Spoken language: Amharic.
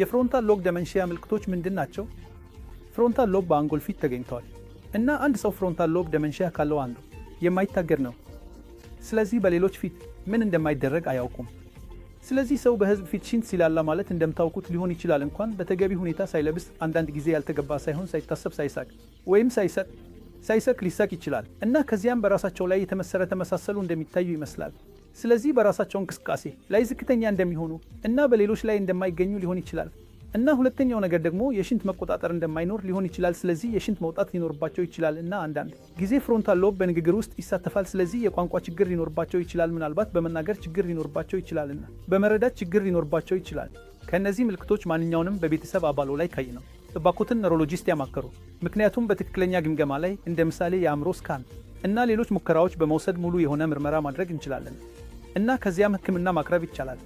የፍሮንታል ሎብ ደመንሽያ ምልክቶች ምንድን ናቸው? ፍሮንታል ሎብ በአንጎል ፊት ተገኝተዋል እና አንድ ሰው ፍሮንታል ሎብ ደመንሽያ ካለው አንዱ የማይታገር ነው። ስለዚህ በሌሎች ፊት ምን እንደማይደረግ አያውቁም። ስለዚህ ሰው በህዝብ ፊት ሽንት ሲላላ ማለት እንደምታውቁት ሊሆን ይችላል እንኳን በተገቢ ሁኔታ ሳይለብስ አንዳንድ ጊዜ ያልተገባ ሳይሆን ሳይታሰብ ሳይሳቅ ወይም ሳይሰቅ ሳይሰቅ ሊሳቅ ይችላል እና ከዚያም በራሳቸው ላይ የተመሰረተ መሳሰሉ እንደሚታዩ ይመስላል። ስለዚህ በራሳቸው እንቅስቃሴ ላይ ዝቅተኛ እንደሚሆኑ እና በሌሎች ላይ እንደማይገኙ ሊሆን ይችላል። እና ሁለተኛው ነገር ደግሞ የሽንት መቆጣጠር እንደማይኖር ሊሆን ይችላል። ስለዚህ የሽንት መውጣት ሊኖርባቸው ይችላል እና አንዳንድ ጊዜ ፍሮንታል ሎብ በንግግር ውስጥ ይሳተፋል። ስለዚህ የቋንቋ ችግር ሊኖርባቸው ይችላል። ምናልባት በመናገር ችግር ሊኖርባቸው ይችላል እና በመረዳት ችግር ሊኖርባቸው ይችላል። ከእነዚህ ምልክቶች ማንኛውንም በቤተሰብ አባሎ ላይ ካይ ነው እባኮትን ኒውሮሎጂስት ያማከሩ። ምክንያቱም በትክክለኛ ግምገማ ላይ እንደ ምሳሌ የአእምሮ ስካን እና ሌሎች ሙከራዎች በመውሰድ ሙሉ የሆነ ምርመራ ማድረግ እንችላለን እና ከዚያም ሕክምና ማቅረብ ይቻላል።